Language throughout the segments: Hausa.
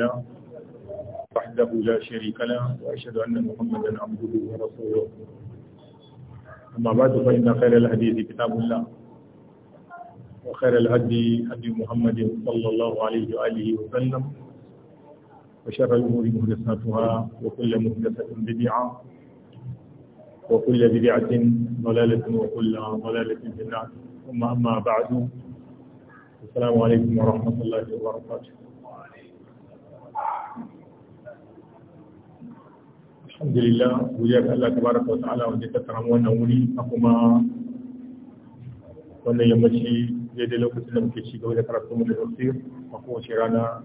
له وحده لا شريك له وأشهد أن محمدا عبده ورسوله أما بعد فإن خير الحديث كتاب الله وخير الهدي هدي محمد صلى الله عليه وآله وسلم وشر الأمور محدثاتها وكل محدثة بدعة وكل بدعة ضلالة وكل ضلالة في النار ثم أما بعد السلام عليكم ورحمة الله وبركاته alhamdulillah godiya ga Allah tabaraka wa ta'ala wanda ya tattara wannan wuri a kuma wannan yammaci daidai lokacin da muke ci gaba da karatu mu da tafsir a kowace rana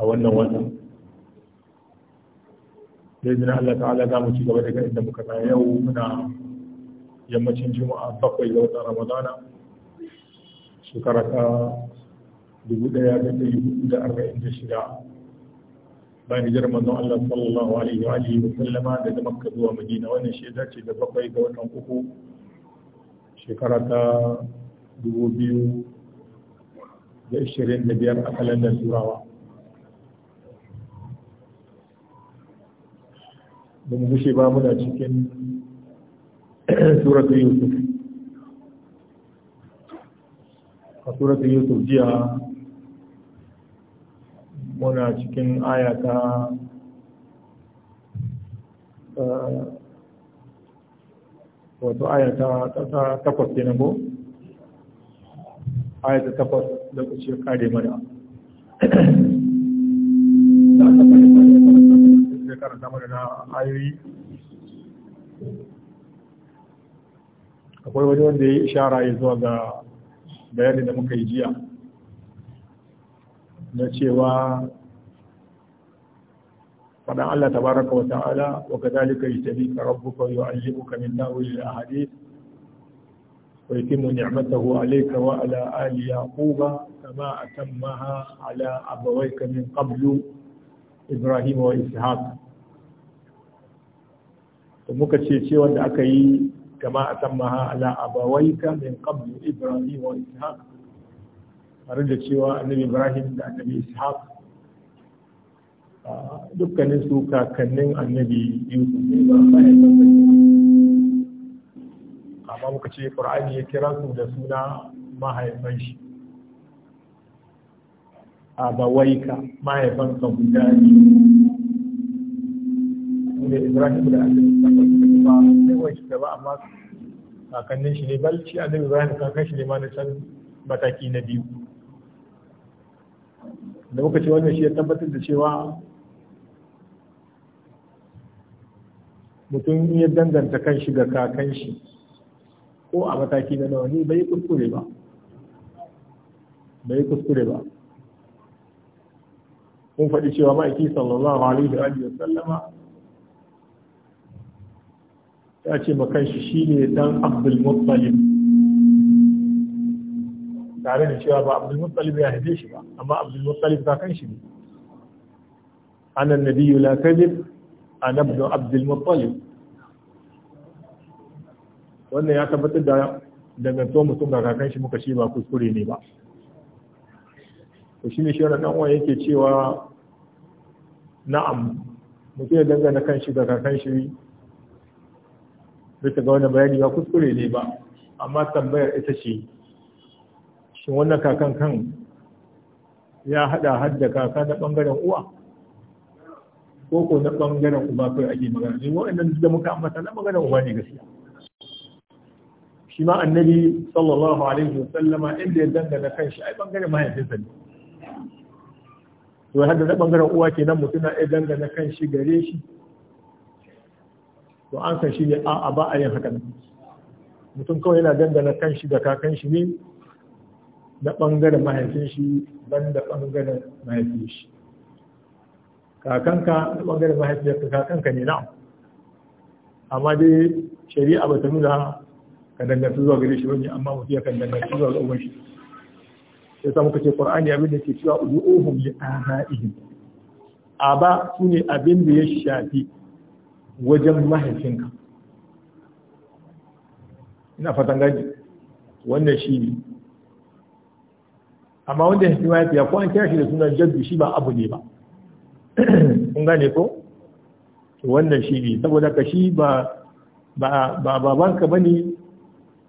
a wannan wata Zai zina Allah ta'ala za mu ci gaba daga inda muka tsaya yau muna yammacin juma'a bakwai ga wata ramadana shekara ta dubu ɗaya da ɗari hudu da arba'in da shida ba hijar manzo Allah sallallahu alaihi wa alihi wa sallama daga Makka zuwa Madina wannan shida ce da bakwai ga watan uku shekara ta dubu biyu da ishirin da biyar a kalandar turawa da mu gushe ba muna cikin suratul yusuf a suratun yusuf jiya muna cikin ayata eh, wato ayata ta takwas ke nan ko? ayata takwas takwas ku ce kare mana da aka kare mana da karanta mana na ayoyi akwai wani wanda ya yi ishara ya zuwa ga bayanin da muka yi jiya na cewa faɗan Allah tabaraka wa ta'ala wa kadhalika yajtabika rabbuka yu'allimuka min ta'wil al-ahadith wa yutimmu ni'matahu 'alayka wa 'ala ali yaquba kama a maha 'ala ka min qablu ibrahim wa ishaq to muka ce ce wanda aka yi kama a maha 'ala ka min qablu ibrahim wa ishaq tare da cewa annabi ibrahim da annabi ishaq dukkanin su kakannin annabi yusuf ne ba bayan amma muka ce qur'ani ya kira su da suna mahaifan shi a mahaifan mahaifanka guda ne da ibrahim da annabi ishaq ba sai da ba amma kakannin shi ne balci annabi ibrahim kakannin shi ne ma na can mataki na biyu da muka ce wannan shi ya tabbatar da cewa mutum ya danganta kan shi ga kakan shi ko a mataki na nawa ne bai kuskure ba bai kuskure ba kun faɗi cewa ma'aiki sallallahu alaihi wa sallama ya ce ma kan shi shine dan abdul muttalib tare da cewa ba abdul muttalib ya haife shi ba amma abdul muttalib ka kan shi ne anan nabiyyu la kadib ana ibn abdul muttalib wannan ya tabbatar da to mutum ga kakan shi muka ce ba kuskure ne ba to shine shi wannan dan yake cewa na'am mutum ya dangana kan shi ga kakan shi bisa ga wani bayani ba kuskure ne ba amma tambayar ita ce shi wannan kakan kan ya hada hadda kaka na bangaren uwa ko ko na bangaren uba kai ake magana ne wa'annan da muka ambata na bangaren uba ne gaskiya shi ma annabi sallallahu alaihi wa sallama inda ya dangana kanshi ai bangaren mahaifinsa ne to hadda na bangaren uwa nan mutum na ya dangana kanshi gare shi to an san shi ne a'a ba a yin haka mutum kawai yana dangana kanshi da kakan shi ne na ɓangaren mahaifin shi ban da ɓangaren mahaifin shi kakanka na ɓangaren mahaifiyarka kakanka ne na amma dai shari'a ba ta nuna ka dangantu zuwa gare shi wani amma mutum ya kan dangantu zuwa ga shi sai samu muka ce qur'ani abin da ke cewa udu'uhum li abaihim aba sune abin da ya shafi wajen mahaifinka ina fatan gani wannan shi ne amma wanda ya fi mahaifiya ko an kira shi da sunan jaddu shi ba abu ne ba kun gane ko wannan shi ne saboda ka shi ba ba ka bane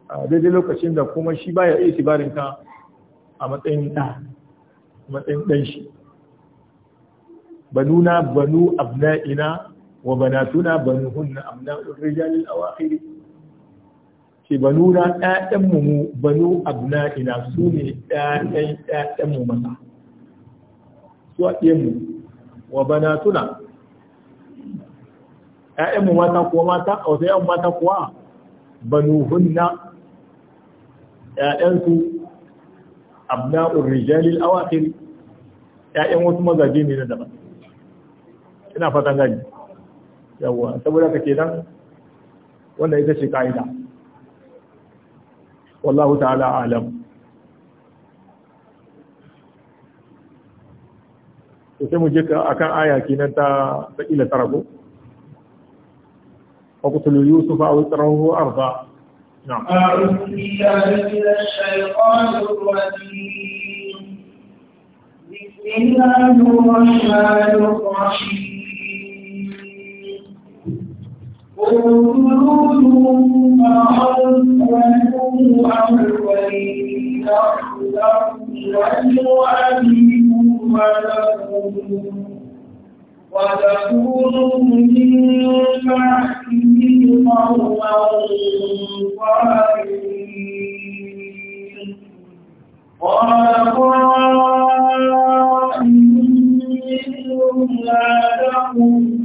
a daidai lokacin da kuma shi baya iya barinka a matsayin ɗa matsayin dan shi banuna banu abna'ina wa banatuna banuhunna abna'ur rijalil awakhiri ke banu na ɗaɗan mu banu na ina su ne ɗaɗan mu masa su a mu wa bana tuna ɗaɗan mu mata kuwa mata a wasu yan mata kuwa banu hunna abu na urrijalil awakil ‘ya'yan wasu mazaje ne na daban ina fatan gani yawwa saboda ka ke nan wannan ita ce ka'ida والله تعالى alam sai muje je a kan aya ke nan ta sa'ila tara ko? ƙwaƙutulu yusuf a wutsarar ruwa arba na ƙarfi قال قائل منهم لا تقوم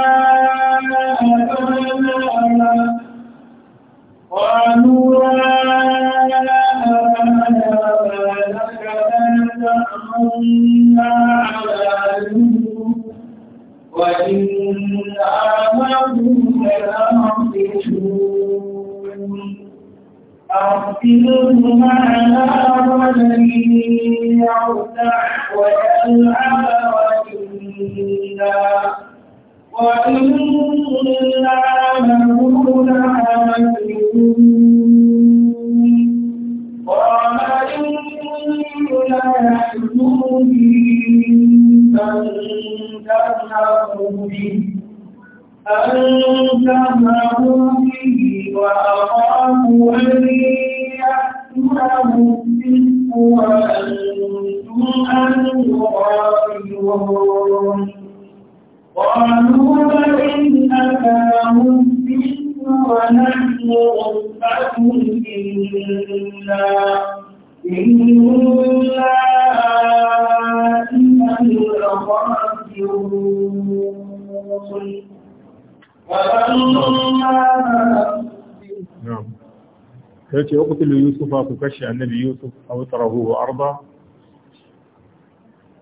uqtulu yusufa ku kashe annabi yusuf aw tarahuhu arda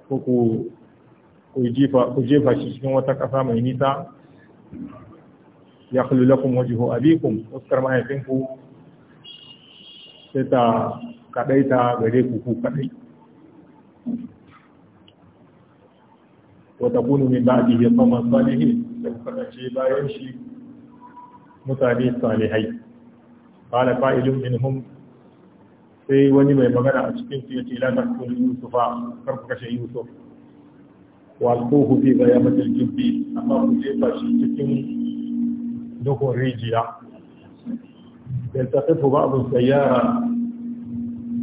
ko shi cikin wata ƙasa mai nisa ya khulu lakum wajhu abikum uskar mahaifinku sai ta kadaita gare ku ku kadai wata kunu bayan shi mutane salihai kala failun minhum sai wani mai magana a cikin su ce la taqulu yusufa kar ku kashe yusuf wa alquhu fi ghayamatil bi amma ku jefa shi cikin duhun rijiya ta ba abin sayara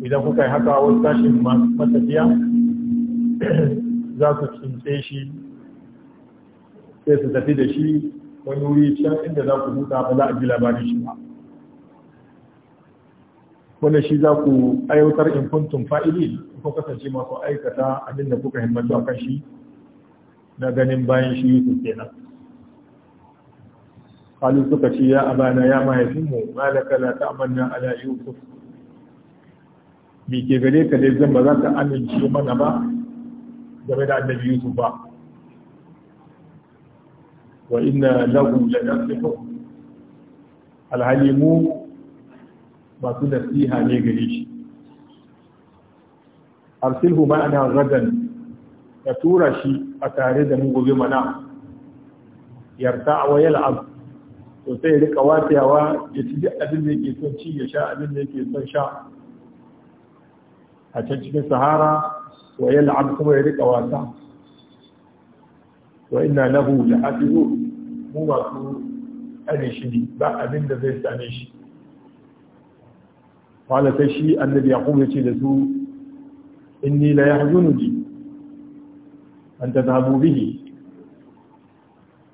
idan kuka yi haka wani tashin matafiya za su cince shi sai su tafi da shi wani wuri can inda za ku huta ba za a ji labarin shi ba wanda shi za ku aiwatar in fa'ili ko kasance masu aikata abin da kuka himmatu a kan shi na ganin bayan shi Yusuf kenan qalu suka ce ya abana ya mahaifinmu malaka la ta'manna ala yusuf bi ke gare ka dai zan ba za ka amince mana ba game da annabi yusuf ba wa inna lahu lanasihu alhalimu masu nasiha ne gare shi arsilhu ma'ana ragan ya tura shi a tare da mu gobe mana yarta wa yal'ab to sai ya rika watiyawa ya ci duk abin da yake son ci ya sha abin da yake son sha a can cikin sahara wa yal'ab kuma ya rika wasa wa inna lahu la'afihu mu masu tsare shi ne ba abin da zai same shi qala sai shi annabi yaqub yace da su inni la yahzununi an tadhabu bihi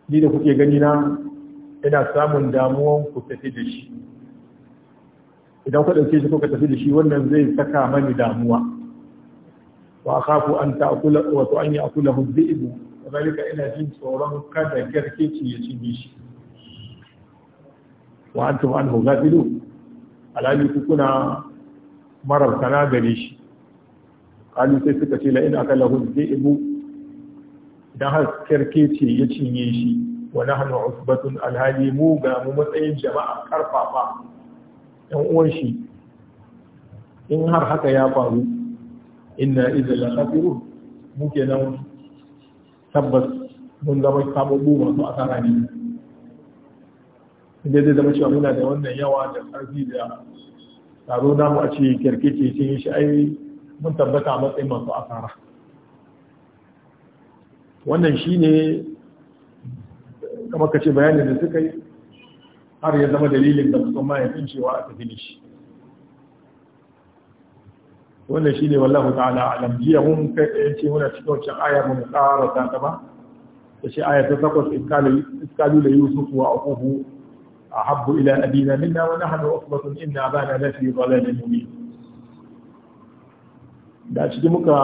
ni da kuke gani na ina samun damuwan ku tafi da shi idan ku dauke shi kuka tafi da shi wannan zai saka mani damuwa wa akhafu an ta'kula wa an ya'kulahu ina jin tsoron kada garkeci ya ci shi wa alhali ku kuna marabtana gare shi kalu sai suka ce la'in aka lahun zai ibu don haskar ce ya cinye shi wa hannun asibatun alhali mu ga mu matsayin jama'a karfafa yan uwan shi in har haka ya faru Ina izin lafafiru muke nan tabbas mun zama samu su a asara ne inda zai zama cewa muna da wannan yawa da ƙarfi da taro namu a ce kirkice sun yi shi ai mun tabbata a matsayin masu asara wannan shi ne kamar ka ce bayanin da suka yi har ya zama dalilin da musamman mahaifin cewa a tafi da shi wannan shi ne wallahu ta'ala alam jiya mun kai tsaye ce muna cikin wancan aya mun ƙara ta ba ta ce aya ta takwas iskalu da yusuf wa akuhu أحب إلى أبينا منا ونحن عصبة إن أبانا لفي ضلال مبين da ciki muka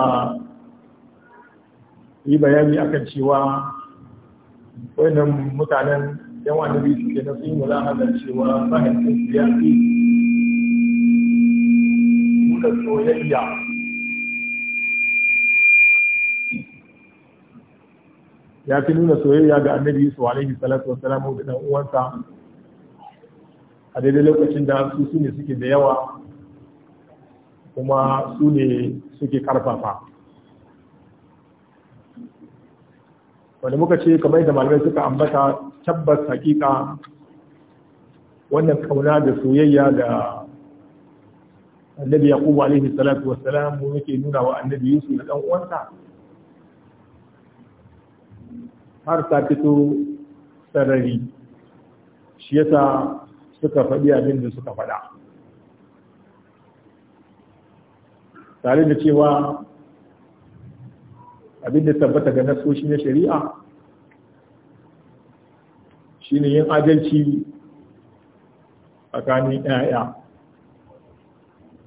yi bayani akan cewa wannan mutanen yan wani bisu ke na sun yi mulahazar cewa fahimtar siyasi nuna soyayya ya fi nuna soyayya ga annabi su alaihi salatu wasu salamu da uwansa a daidai lokacin da su su ne suke da yawa kuma su ne suke karfafa wanda muka ce kamar da malamai suka ambata tabbas hakika wannan kauna da soyayya da annabi yaqubu alaihi salatu wassalam mu yake nuna wa annabi yusuf da dan uwansa har ta fito sarari shi yasa suka faɗi abin da suka faɗa tare da cewa abin da tabbata ga shi na shari'a shine yin adalci tsakanin 'ya'ya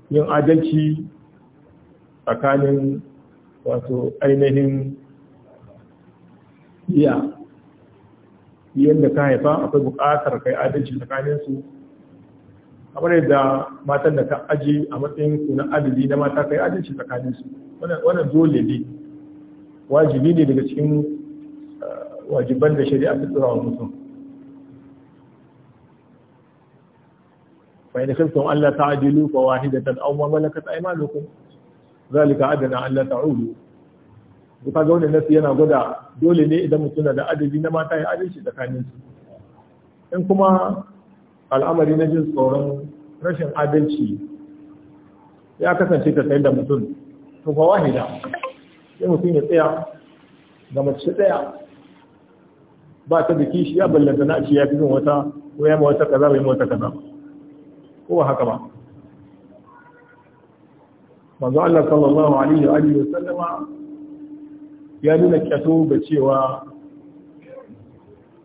yin adalci tsakanin wato ainihin iya yadda ka haifa akwai bukatar kai adalci tsakanin su kamar yadda matan da ka aji a matsayin ku na adali na mata kai adalci tsakanin su wannan dole ne wajibi ne daga cikin eh, wajiban da shari'a ta tsora wa mutum فإن خفتم ta'dilu fa wahidatan aw ma malakat aymanukum zalika Allah ta ta'udu to ga wannan nasu yana gwada dole ne idan mutum da adadi na mata ya adalci tsakanin su in kuma al'amari na jin tsoron rashin adalci ya kasance ta sayar da mutum to fa wahida sai mutum ya tsaya ga mace tsaya ba ta da kishi ya ballanta na ce ya fi wata ko ya ma wata kaza bai ma wata kaza ko ba haka ba manzo Allah sallallahu alaihi wa alihi wa sallama ya nuna kyato ga cewa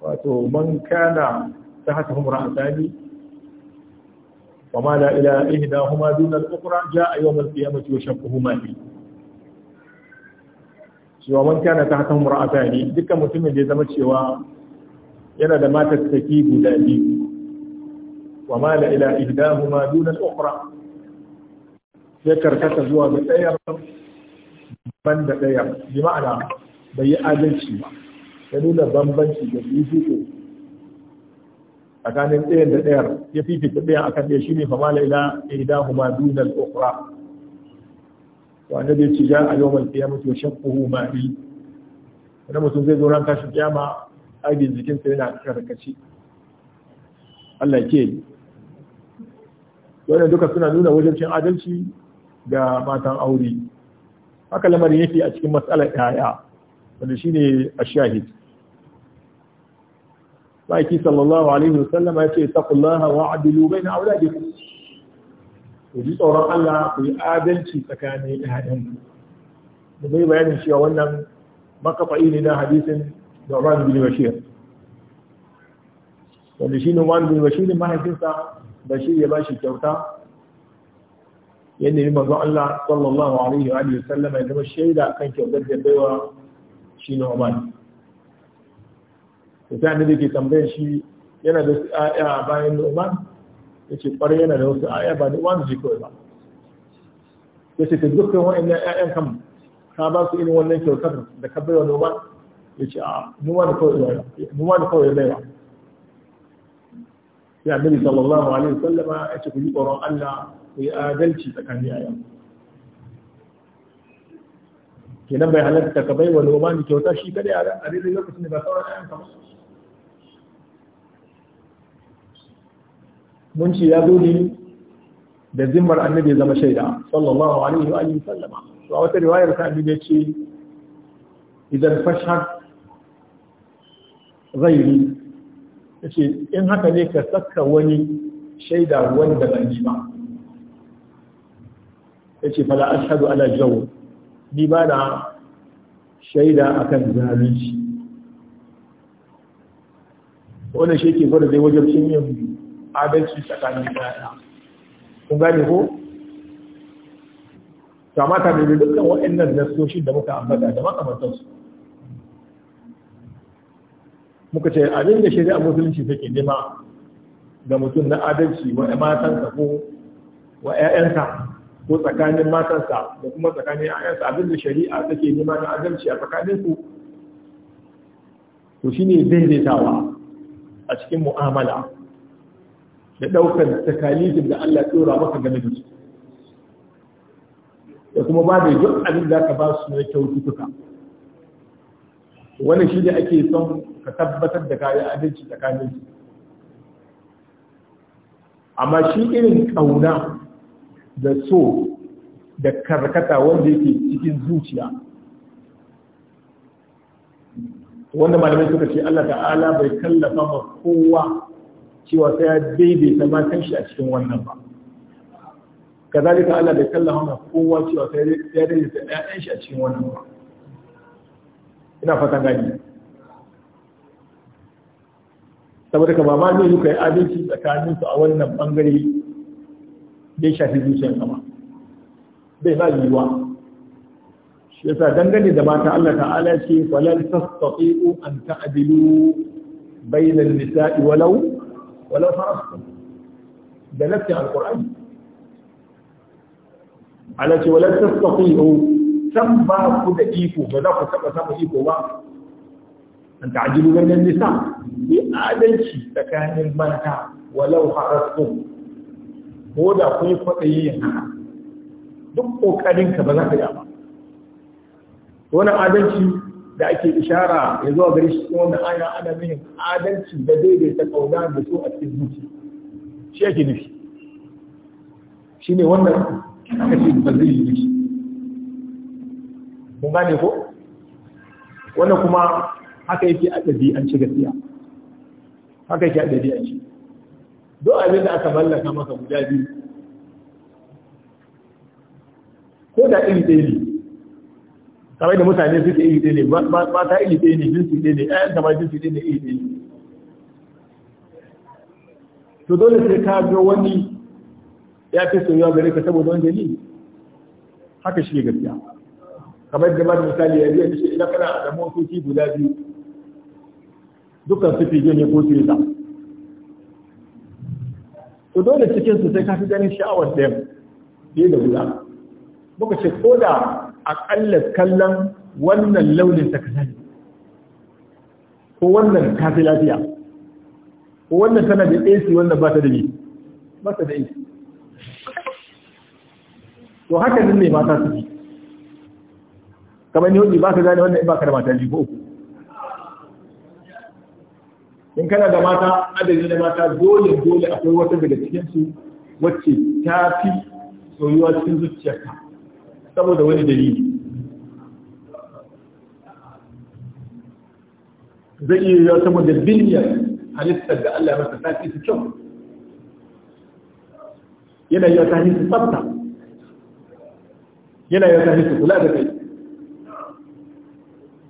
wato man kana ta haka humra a wa ma da ila ihdahuma dun al-ukhra jaa yawm al-qiyamati wa shaqquhuma shi. cewa man kana ta haka humra asali dukkan mutumin da ya zama cewa yana da matar saki guda biyu wa da ila ihda dun al-ukhra ya karkata zuwa ga tsayar ban da ɗaya bi ma'ana bai yi adalci ba ya nuna bambanci da fifiko tsakanin ɗayan da ɗayar ya fifita ɗayan kan ɗaya ne fama mala ila idahuma duna al-ukhra wa annabi ya ce ja a yawmal qiyamati yashaqquhu ma bi wani mutum zai zo ran tashin kiyama agin jikin sa yana karkace Allah ke wannan duka suna nuna wajen cin adalci ga matan aure haka lamarin yake a cikin matsalar yaya wanda shi ne shine ashahid baki sallallahu alaihi wasallam ya ce taqullaha wa adilu baina auladikum ku ji tsoron Allah ku yi adalci tsakanin ku. da bai bayanin a wannan makafa'i ne na hadisin da Umar bin Bashir wanda shi ne Umar bin Bashir mahaifinsa Bashir ya ba shi kyauta yadda yi manzon Allah sallallahu alaihi wa alihi sallam ya zama shaida kan kyautar da baiwa shi na Oman da ta da ke tambayar shi yana da wasu aya bayan Oman ya ce kwarai yana da wasu aya ba da Oman ji kawai ba ya ce ta dukkan wa'annan ƴaƴan kan ka ba su irin wannan kyautar da ka baiwa Oman ya ce a mu kawai baiwa sai annabi sallallahu alaihi wasallam ya ce ku yi tsoron Allah ku yi adalci tsakanin yayan kenan bai halatta ka bai wa lomani kyauta shi kada a rere lokacin da ba sauran yayan ka mun ce ya zo ne da zimmar annabi zama shaida sallallahu alaihi wa alihi sallama to a wata riwayar ta annabi ya ce idan fashar ghairi yake in haka ne ka saka wani shaida wanda ban ji ba yake ce fala ashadu ala jawo ni ba na shaida akan zalunci wanda shi ke fara zai wajen cin yin adalci tsakanin ɗaya kun gane ko kamata da dukkan waɗannan nasoshin da muka ambata da makamantarsu muka ce abin da shari'a musulunci take nema ga mutum na adalci wa matansa ko wa ƴaƴansa ko tsakanin matansa da kuma tsakanin ƴaƴansa abin da shari'a take nema na adalci a tsakanin su to shine daidaitawa a cikin mu'amala da ɗaukar takalifin da Allah tsora maka game da su da kuma ba da duk abin da ka ba su na kyaututtuka wannan shi ne ake son ka tabbatar da kayan adalci tsakanin su amma shi irin kauna da so da karkata wanda yake cikin zuciya wanda malamai suka ce Allah ta'ala bai kallafa ma kowa cewa sai ya daidaita ma kanshi a cikin wannan ba kazalika Allah bai kallafa ma kowa cewa sai ya daidaita ɗayan shi a cikin wannan ba ina fatan gani saboda ka ba ma ne yi kai adalci tsakanin su a wannan bangare bai shafi zuciyar kama bai ba yiwuwa shi yasa dangane da mata Allah ta'ala ce falal tastati'u an ta'dilu bayna an-nisa'i walau walau farastum da nafsi al-qur'ani ala ce walal tastati'u san ba ku da iko ba za ku taba samu iko ba an ta'jilu bainan nisa bi adalci tsakanin mata walau harastu ko da kun kwadayi yin haka duk kokarin ka ba za ka yi ba wannan adalci da ake ishara ya zuwa gari shi cikin wannan aya ana nufin adalci da daidaita kauna da su a cikin zuci shi ake nufi shi ne wannan aka ba zai yi nufi kun gane ko wannan kuma haka yake a ɗabi'anci gaskiya haka yake a ɗabi'anci. don abin da aka mallaka maka guda biyu ko da iri ɗaya ne kamar da mutane suke iri ɗaya ne ba ta iri ɗaya ne jinsi ɗaya ne ɗayan ta ma jinsi ɗaya ne iri ɗaya ne to dole sai ka ga wani ya fi soyuwa gare ka saboda wanda ne haka shi gaskiya kamar da ba da misali ya biya shi idan kana da motoci guda biyu dukkan su fige yi ko siriza to dole cikin su sai ka fi ganin sha'awar ɗaya fiye da guda muka ce ko da aƙalla kallon wannan launin ta kasani ko wannan kafi lafiya ko wannan tana da ɗaisi wannan ba ta da ne ba ta da AC to haka ne mata su fi kamar ne hudu ba ka gane wannan ba ka da mata biyu ko uku in kana da mata adadi na mata dole dole akwai wata daga cikinsu wacce ta fi soyuwa cikin zuciyarka saboda wani dalili zai iya yiwuwa saboda biliyan halittar da Allah ya masa ta fi su kyau yana yiwuwa ta hanyar tsabta yana yiwuwa ta hanyar kula da kai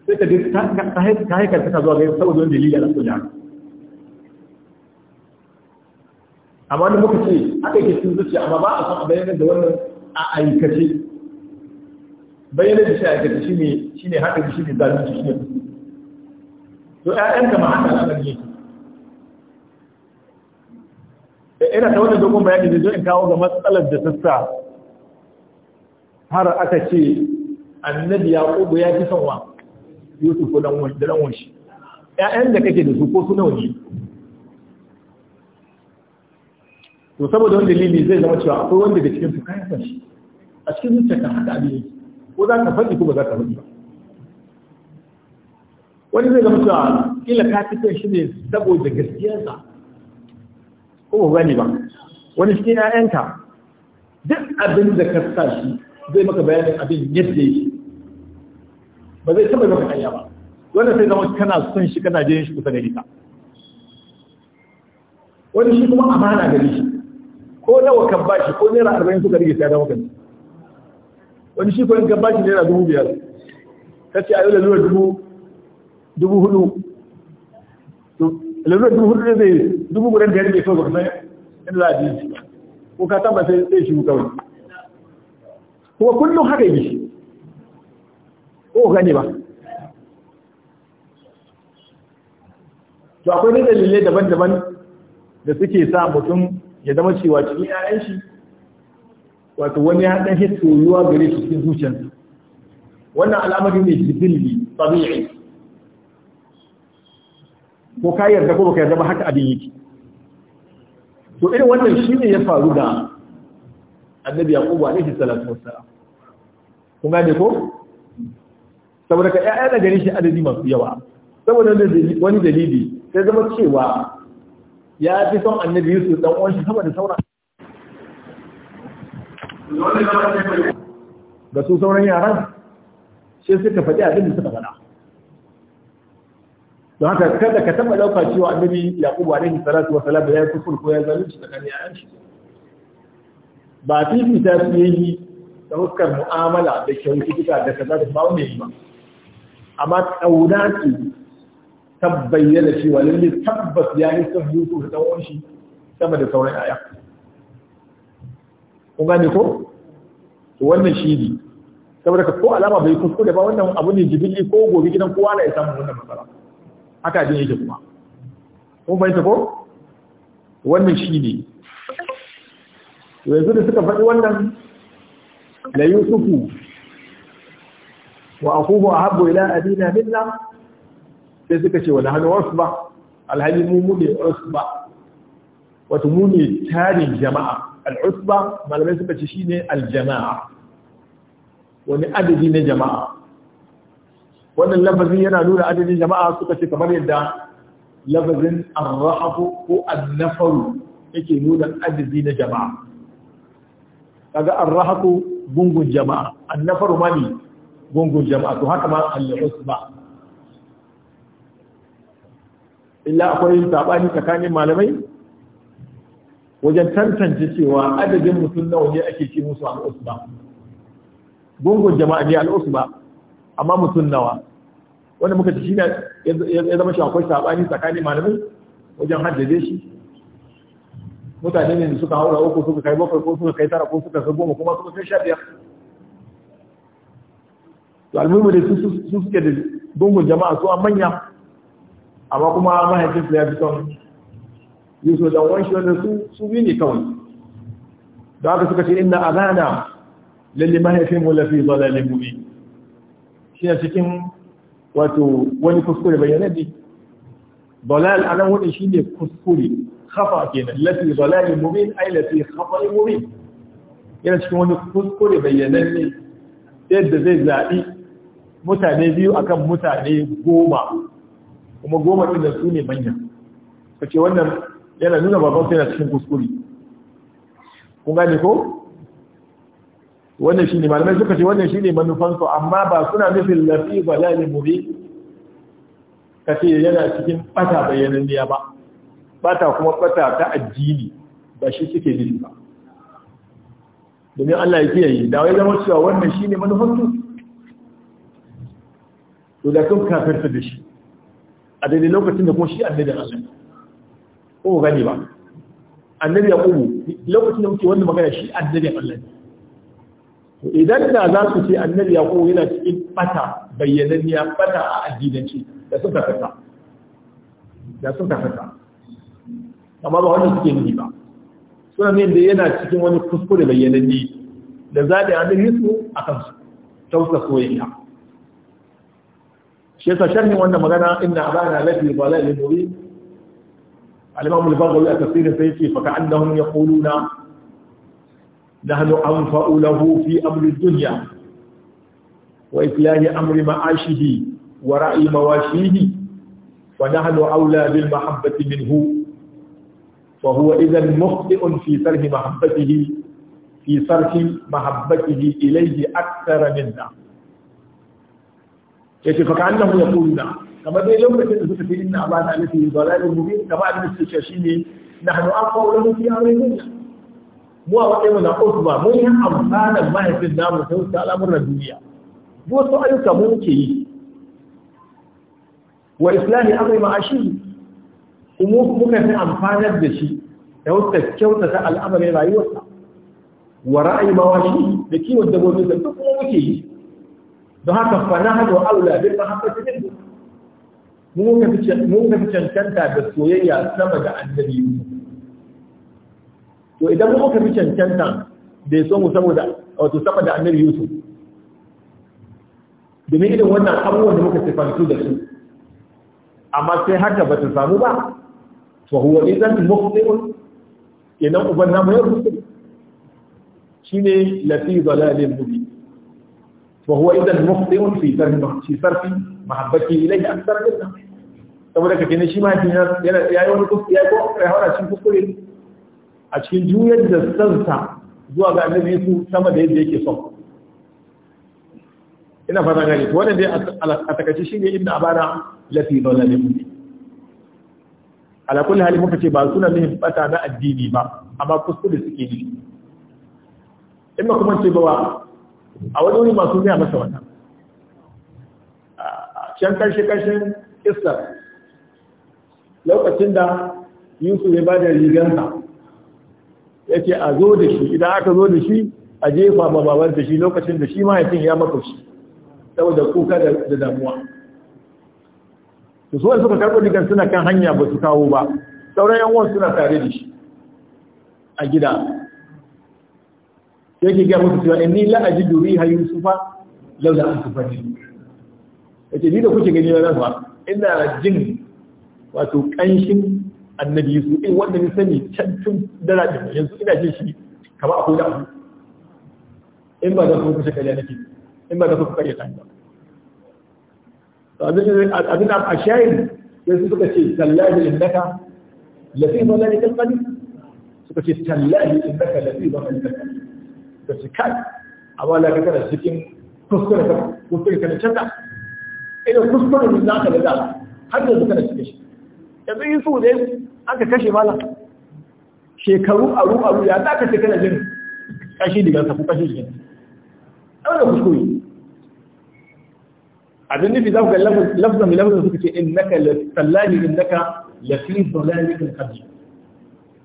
sai ka ta haikar ta zuwa ga saboda wani dalili a nasu jihar amma da muka ce aka yake sun zuci amma ba a san a bayyana da wannan a aikace bayyana da shi a aikace shine ne haka shi ne shi ne to ƴaƴan ka ma haka al'amari yake eh, ina ta wannan dokun bayani da zo in kawo ga matsalar da sassa har aka ce annabi yaqubu ya fi son wa yusuf ko dan wani ƴaƴan da kake da su ko su nawa ne to saboda wani dalili zai zama cewa akwai wanda da cikin su kayan shi a cikin zuciyarka haka abin ko za ka faɗi ko ba za ka faɗi ba wani zai zama cewa kila ka fi shi ne saboda gaskiyarsa ko ba gani ba wani ne 'ya'yanka duk abin da ka sa shi zai maka bayanin abin yadda yake ba zai taɓa zama kanya ba wanda sai zama kana son shi kana jin shi kusa da ita. wani shi kuma amana gari shi ko nawa kan bashi ko naira arba'in kuka rage sai dawo kan wani shi kuwa kan bashi naira dubu biyar ta ce a yau lalura dubu dubu hudu lalura dubu hudu ne zai dubu gudan da ya rage kawai kuma in za a ji ko ka tamba sai zai shi kawai kuma kullum haka yi ko gane ba to akwai dalilai daban-daban da suke sa mutum ya zama cewa cikin 'ya'yan shi wato wani ya dan shi soyuwa gare shi cikin zuciyarsa wannan al'amari ne jibilli tabi'i ko ka yarda ko baka yarda ba haka abin yake to irin wannan shine ya faru da annabi yaqubu alaihi salatu wassalam kun gane ko saboda ka ƴaƴa da gare shi adadi masu yawa saboda wani dalili sai zama cewa ya fi son annabi yusuf dan uwan shi sama sauran da su sauran yaran shi suka faɗi abin da suka faɗa don haka kada ka taɓa ɗauka cewa annabi yaƙubu alaihi salatu wa salatu ya fi kufur ya zalu shi tsakanin yaran shi ba ta fiye yi ta fuskar mu'amala da kyautuka da kaza da ba wani yi ba amma ƙauna ce da cewa lalle tabbas ya yi son yusuf da ɗan shi sama da sauran aya kun gane ko wannan shi ne saboda ka ko alama bai kuskure ba wannan abu ne jibili ko gobe gidan kowa na ya samu wannan matsala haka din yake kuma kun fahimta ko wannan shi ne yanzu da suka faɗi wannan la yusufu wa akubu ahabbu ila abina minna sai suka ce wani hannu wasu ba alhali mu mune wasu ba? Wata mune tarin jama'a al'usba malamai suka ce shine aljama'a wani adadi na jama'a wannan lafazin yana nuna adadin jama'a suka ce kamar yadda lafazin arrafu ko annafaru yake nuna adadi na jama'a kaga arrafu gungun jama'a annafaru ma ne gungun jama'a to haka ma ba. illa akwai sabani tsakanin malamai wajen tantance cewa adadin mutum nawa ne ake ce musu al'usba gungun jama'a ne al'usba amma mutum nawa wanda muka ci shine ya zama shi akwai sabani tsakanin malamai wajen haddade shi mutane ne da suka haura uku suka kai bakwai ko suka kai tara ko suka kai goma kuma suka kai sha biyar to almuhimu da su suke da gungun jama'a su a manya amma kuma mahaifinsu ya fi son yusuf da wani wanda su su bi ne kawai da aka suka ce a zana lalle mahaifin mu lafi mu bi? shi ne cikin wato wani kuskure bayyana ne dalal ana wani shi ne kuskure ke kenan lafi mu mubi ai lafi mu bi? yana cikin wani kuskure bayyana ne yadda zai zaɓi mutane biyu akan mutane goma kuma goma ɗin da su ne manya kake wannan yana nuna baban sai na cikin kuskure kun gane ko wannan shine malamai suka ce wannan shine manufan su amma ba suna nufin lafi balal Ka ce yana cikin bata bayananniya ba bata kuma bata ta addini ba shi suke nufi ba domin Allah ya kiyaye da wai zama cewa wannan shine manufan su to da kun kafirta da shi a daidai lokacin da kuma shi annabi Allah ko gani ba annabi ya kubu lokacin da muke wannan magana shi annabi Allah to idan da za su ce annabi ya kubu yana cikin bata bayyananniya bata a addinanci da suka fata da suka fata amma ba wannan suke ni ba suna ne da yana cikin wani kuskure bayyananni da zaɗi annabi su akan su tausa soyayya shi yasa sharhin wannan magana inna abana lafi dalalin mubin al-imam al-baghawi a tafsirin sai yace fa ka'annahum yaquluna nahnu anfa'u lahu fi amri ad-dunya wa islahi amri ma'ashihi wa ra'i mawashihi wa nahnu awla bil mahabbati minhu فهو إذا مخطئ في سرح محبته في صرف محبته إليه أكثر منا yace fa ka'annahu yaquluna kamar dai lokacin da suka ce inna abana alati zalalun mubin kamar abin da suke shine nahnu aqwa lahu fi amrina mu a matsayin mu na usba mun yi amfanin mahaifin namu ta wasu al'amuran duniya duk wasu ayyuka mun ke yi wa islahi amri ma'ashi kuma muka fi amfanar da shi da wata kyautata al'amarin rayuwarsa wa ra'ayi mawashi da kiwon dabbobi da duk kuma muke yi don haka fana wa aula bin mahabbati min mu muka fi cancanta da soyayya sama da annabi to idan mu muka fi cancanta da ya so mu saboda wato sama da annabi Yusuf domin idan wannan abubuwan da muka sifantu da su amma sai haka ba ta samu ba to huwa idan mukhti'un kenan uban namu ya rubuta shine lafi dalalin mubin وهو إذا مخطئ في صرف في صرف محبتي إليه أكثر منها saboda ka kene shi ma yana yayi wani kuskure yayi ko ya haura cikin kuskure a cikin juyar da sansa zuwa ga annabi Yesu sama da yadda yake son ina fata gani to wannan dai a takaice shine ibnu abana lafi dalalin mu ala kulli hali muka ce ba suna mihin bata na addini ba amma kuskure suke yi in kuma ce ba a wani wuri masu zai masa wannan a can karshe karshen isar lokacin da yusuf ya ba da rigarsa ya ce a zo da shi idan aka zo da shi a jefa ma da shi lokacin da shi mahaifin ya maka shi saboda kuka da damuwa su suwan suka karɓo rigar suna kan hanya ba su kawo ba sauran yan suna tare da shi a gida sai ke gaya musu cewa inni la ajidu riha yusufa laula an tufati yace ni da kuke gani na ba ina jin wato kanshin annabi yusuf eh wanda ni sani can tun dara da yanzu ina jin shi kamar akwai da abu in ba da ku kusa kariya nake in ba da ku kariya kan ba abin da a shayin sai suka ce tallahi innaka lafi dalalikal qadim suka ce tallahi innaka lafi dalalikal qadim da su kai a wala ka cikin kuskure ka kuskure ka canza ina kuskure ne zaka da dama har da suka da cikin shi yanzu in su ne aka kashe Bala. shekaru aru aru ya za ka ce kana jin kashi digan sa ko kashi digan sa ana kuskure abin nufi za ku ga lafzan lafzan suka ce tallani sallani naka lafi dalalikal qadim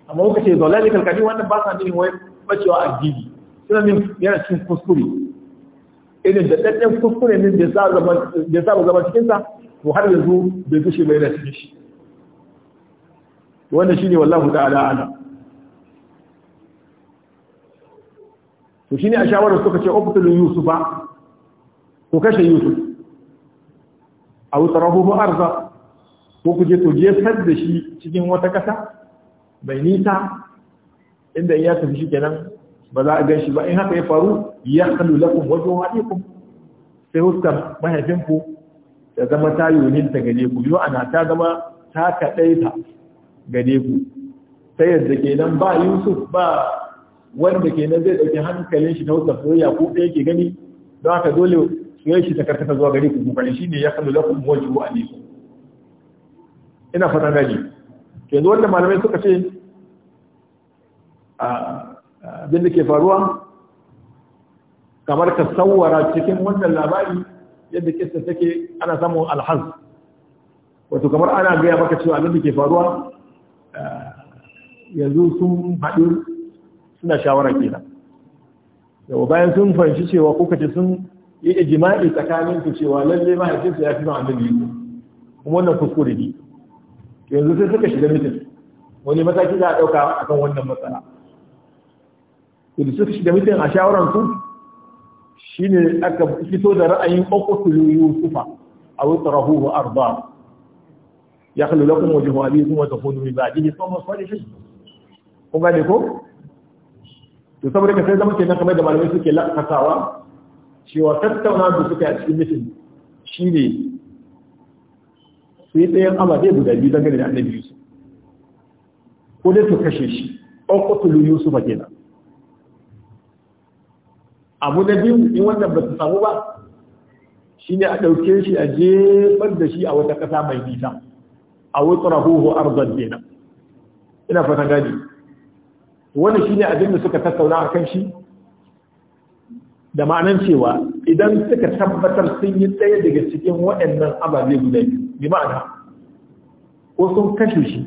amma kuka ce dalalikal qadim wannan ba sa nufin wai bacewa gidi suna yana cikin kuskure irin da ɗanɗan kuskure ne da ya saba zama cikinsa to har yanzu bai gushe bai yana cikin shi wannan shine wallahu ta'ala ala to shine a shawarar suka ce uqtulu yusufa ko kashe yusuf aw tarahuhu arza ko kuje to jefar da shi cikin wata kasa bai nisa inda ya tafi shi kenan ba za a gan shi ba in haka ya faru ya halu lakum wajen waɗikum sai huskar mahaifinku ta zama ta yonin ta gane ku yi ana ta zama ta kaɗai ta gane ku ta yadda ke nan ba yusuf ba wanda ke nan zai ɗauki hankalin shi ta huskar ya ku ɗaya ke gani don haka dole su soyayya shi ta karkata zuwa gare ku kokarin shi ne ya halu lakum wajen waɗikum ina fata gani yanzu wanda malamai suka ce abinda ke faruwa kamar ka tsawara cikin wannan labari yadda kista take ana samu alhaz wato kamar ana gaya maka cewa abinda ke faruwa eh, yanzu sun haɗu suna shawara kenan yau bayan sun fahimci cewa kuka ce sun yi ijima'i tsakanin ku cewa lalle mahaifinsu ya fi a da yusuf kuma wannan kuskure ne yanzu sai suka shiga mitin wani mataki za a ɗauka akan wannan matsala da suka shiga mutum a su shi ne aka fito da ra'ayin ƙwaƙwatulu yusufa a wata rahu wa arba ya kalli lakon waje wa abin kuma ta hudu mai baɗi ne tsohon wani shi ko gane ko? to saboda ka sai zama ke na kamar da malamai suke lakasawa cewa tattauna da suka yi a cikin mitin shi ne su yi tsayen zai guda biyu dangane da annabi yusuf ko dai su kashe shi ƙwaƙwatulu yusufa kenan abu na biyu in wannan ba su samu ba shi ne a ɗauke shi a jefar da shi a wata ƙasa mai nisa a wutsura huhu arzon na? ina fata gani wani shi ne abin da suka tattauna a kan shi da ma'anan cewa idan suka tabbatar sun yi ɗaya daga cikin waɗannan ababe guda biyu bi ma'ana ko sun kashe shi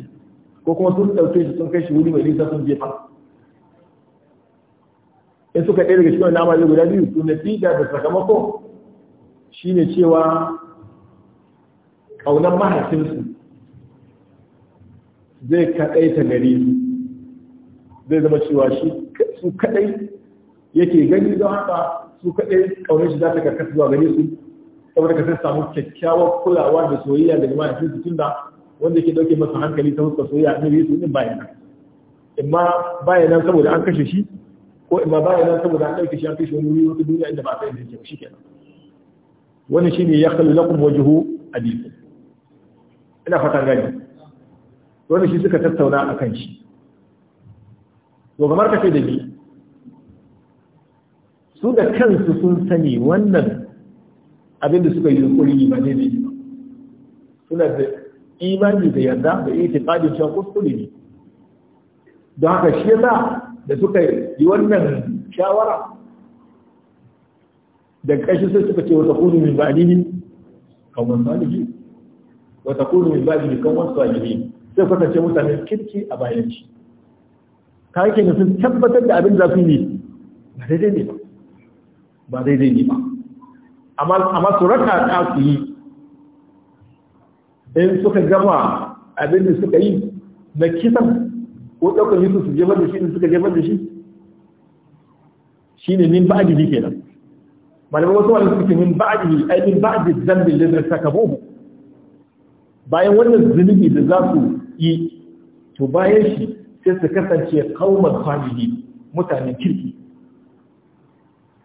ko kuma sun ɗauke shi sun kai wuri mai nisa sun jefa in suka ɗaya daga cikin wannan amali guda biyu to natija da sakamako shine cewa ƙaunar mahaifinsu zai kaɗai ta gare su zai zama cewa shi su kaɗai yake gani don haka su kaɗai ƙaunar shi za ta karkata zuwa gare su saboda ka sai samu kyakkyawar kulawa da soyayya daga mahaifinsu tun da wanda ke ɗauke masa hankali ta fuskar soyayya annabi su ɗin bayanan amma bayanan saboda an kashe shi ko ba ba yana saboda an ɗauke shi an kai shi wani wuri wata duniya inda ba a kai da shi kenan shi shine ya lakum wajhu adikum ina fatan gani Wani shi suka tattauna akan shi to kamar kace da ni su da kansu sun sani wannan abin da suka yi yunkuri ba ne ne suna da imani da yarda da itiqadin cewa kuskure ne don haka shi yasa da suka yi wannan shawara da kashi sai suka ce wata kunu min ba'dini kawon salihin wata kunu min ba'dini kawman salihin sai suka ce mutane kirki a bayan shi ta yake ne sun tabbatar da abin zafi su yi ba daidai ne ba ba daidai ne ba amma amma su raka ta su yi in suka gama abin da suka yi na kisan ko ɗaukar yusuf su jefar da shi in suka jefar da shi Shi ne min ba'dihi kenan malamai wasu wani suke min ba'dihi ai min ba'adi zambin da zai saka bohu bayan wannan zunubi da za su yi to bayan shi sai su kasance kauman fahimi mutanen kirki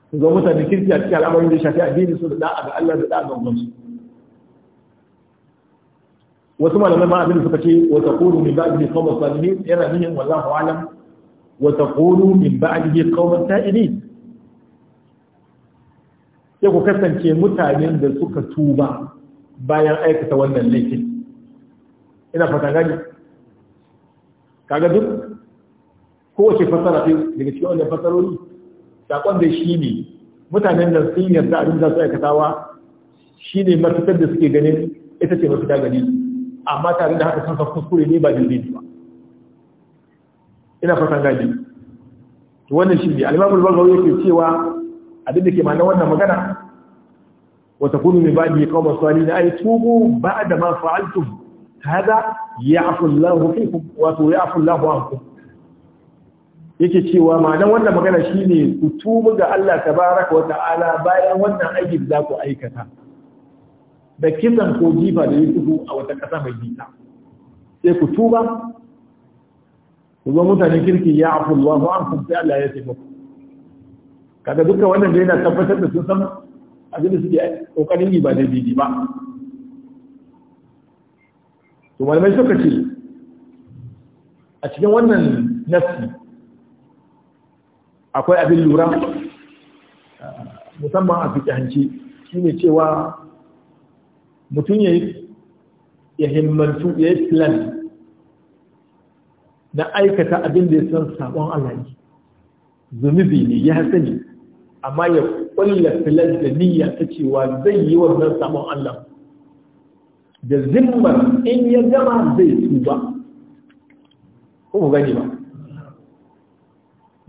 su zo mutanen kirki a cikin al'amarin da shafi addini su da da'a ga Allah da da'a ga gwamnati wasu malamai ma abin da suka ce wa taqulu min ba'dihi qawman salihin yana nihin wallahu alam wa taqulu min ba'dihi qawman sa'idin sai ku kasance mutanen da suka tuba bayan aikata wannan laifin ina fata gani kaga duk kowace fasara ce daga cikin wannan fasarori sakon da shi ne mutanen da sun yarda abin da su aikatawa shi ne mafitar da suke ganin ita ce mafita gani amma tare da haka sun san kuskure ne ba jirgin ba ina fatan gaji. to wannan shi ne al-imam al yake cewa abin da ke ma'anar wannan magana wa takunu min ba'di qawmin salihin ay tubu ba'da ma fa'altum hada ya'fu Allahu fikum wa ya'fu Allahu ankum yake cewa ma'anar wannan magana shi ne ku tubu ga Allah baraka wa ta'ala bayan wannan aiki da ku aikata da kisan ko jifa da yusufu a wata ƙasa mai jita sai ku tuba ku zo mutane kirki ya afu an kun sai Allah ya tafi kaga duka wannan da yana tabbatar da sun san abin da suke kokarin yi ba da bidi ba to malamai suka ce a cikin wannan nasi akwai abin lura musamman a fiƙe shine cewa mutum ya yi himmantu ya yi plan na aikata abin da ya san sabon Allah ne zunubi ne ya sani amma ya kulla filan da niyya ta cewa zai yi wannan sabon Allah da zimmar in ya gama zai tuba ko ku gani ba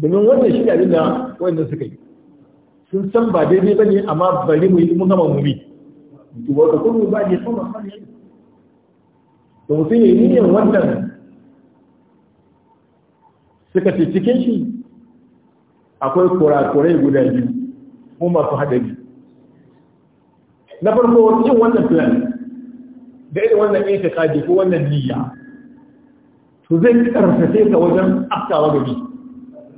domin wannan shi abin da wannan suka yi sun san ba daidai bane amma bari mu yi mu gama mu bi wata kuma ba ne sama da mutum ya yi niyan wannan suka ce cikin shi akwai kurakurai guda biyu ko masu haɗari na farko yin wannan plan da irin wannan kaji ko wannan niyya to zai karfafe ka wajen aftawa gari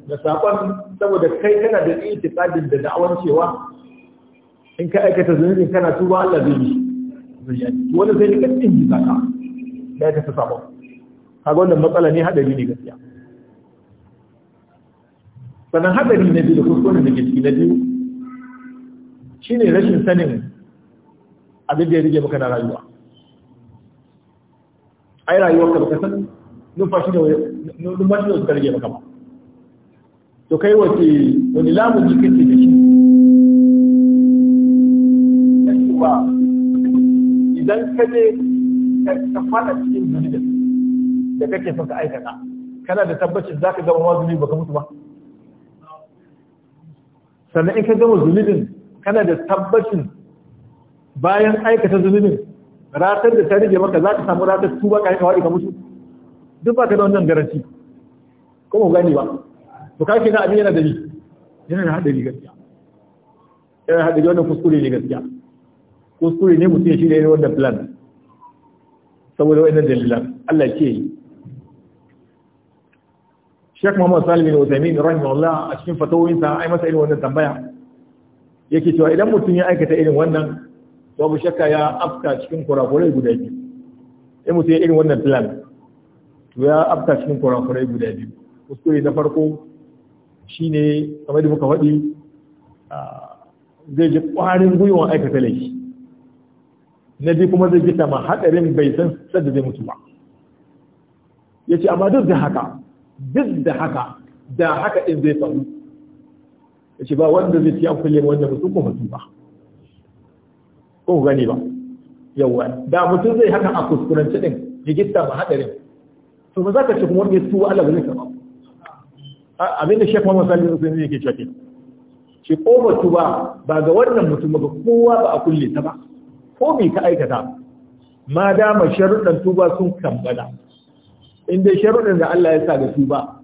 da sakon saboda kai kana da itikadin da da'awan cewa in ka aikata zunubin kana tuba Allah zai yi wani sai ka tsin ji zaka da ka ta sabo kaga wannan matsala ne hadari ne gaskiya sannan hadari na biyu da kuskure da ke ciki na biyu shine rashin sanin abin da ya rige maka na rayuwa ai rayuwar ka baka san numfashi da numfashi da suka rige maka ba to kai wace wani lamuni kake da shi idan ka je ka fada cikin zunubin da kake son ka aikata kana da tabbacin za ka gama ma ba baka mutu ba sannan in ka gama zunubin kana da tabbacin bayan aikata zunubin ratar da ta rige maka za ka samu ratar tuba ka aika ka mutu duk ba ka da wannan garanti ko mu gani ba to kake na abin yana da ni yana da hadari gaskiya yana da hadari wannan kuskure ne gaskiya kuskure ne mutum ya shirya irin wannan plan saboda wannan dalilan Allah ke yi Sheikh Muhammad Salim bin Uthaymeen Allah a cikin a ai masa irin wannan tambaya yake cewa idan mutum ya aikata irin wannan babu shakka ya afka cikin kurakurai guda biyu sai mutum ya irin wannan plan to ya afka cikin kurakurai guda biyu kuskure na farko shine kamar da muka faɗi zai ji ƙwarin gwiwa aikata laifi na bi kuma zai gita ma hadarin bai san sadda zai mutu ba ya ce amma duk da haka duk da haka da haka din zai faru ya ce ba wanda zai ci an kulle wanda mutu ko mutu ba ko gani ba yawa da mutum zai haka a kuskurance ɗin ya gita ma hadarin to ba za ka ce kuma wanda ya tuwa Allah ba zai kama abin da shekwa masalin musulmi ne ke cewa ke ko mutu ba ba ga wannan mutum ba kowa ba a kulle ta ba ko mai ta aikata ma dama sharuɗan tuba sun kambala in dai sharuɗan da Allah ya sa ga tuba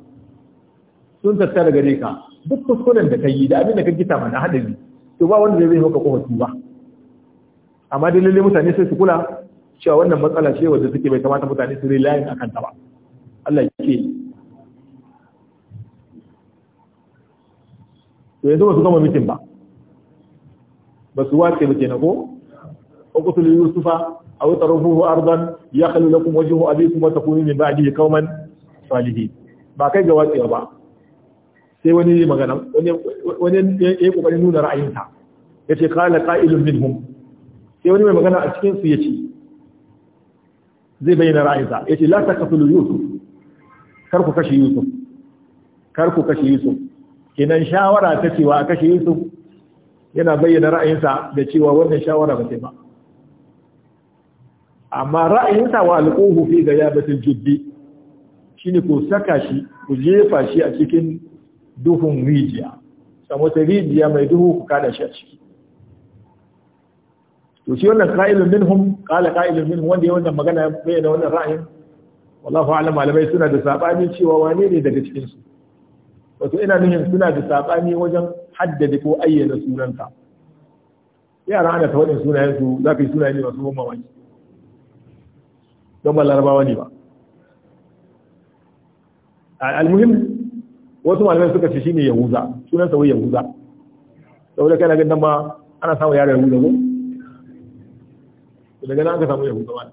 sun tattara gare ka duk kuskuren da ka yi da abin da ka gita mana haɗari to ba wanda zai hauka kofa tuba amma dai lalle mutane sai su kula cewa wannan matsala ce wanda suke bai kamata mutane su layin a ta ba Allah ya ce. to yanzu ba su gama mitin ba ba su wace ba kenan ko uqtulu yusufa aw tarufuhu ardan yakhlu lakum wajhu abikum wa takunu min ba'dihi qauman salihin ba kai ga wacewa ba sai wani magana wani wani yayi kokarin nuna ra'ayinsa yace qala qa'ilun minhum sai wani mai magana a cikin su yace zai bayyana ra'ayinsa yace la taqtulu yusuf kar ku kashe yusuf kar ku kashe yusuf kenan shawara ta cewa a kashe yusuf yana bayyana ra'ayinsa da cewa wannan shawara ba sai ba amma ra'ayinsa wa alquhu fi ghayabatil shi shine ko saka shi ku jefa shi a cikin duhun rijiya samu ta rijiya mai duhu ku kada shi a ciki to shi wannan qa'ilun minhum qala qa'ilun minhum wanda ya wannan magana ya bayyana wannan ra'ayin wallahu a'lam malamai suna da sabani cewa wane ne daga cikin su wato ina nuhin suna da sabani wajen haddade ko ayyana sunanka yara ana ta wadin sunayen su za ka yi sunaye ne masu mamaki don ba larabawa ne ba almuhim wasu malamai suka ce shine yahuza sunan wai yahuza saboda kana ga dan ba ana samu yare yahuza ko daga nan aka samu yahuza ba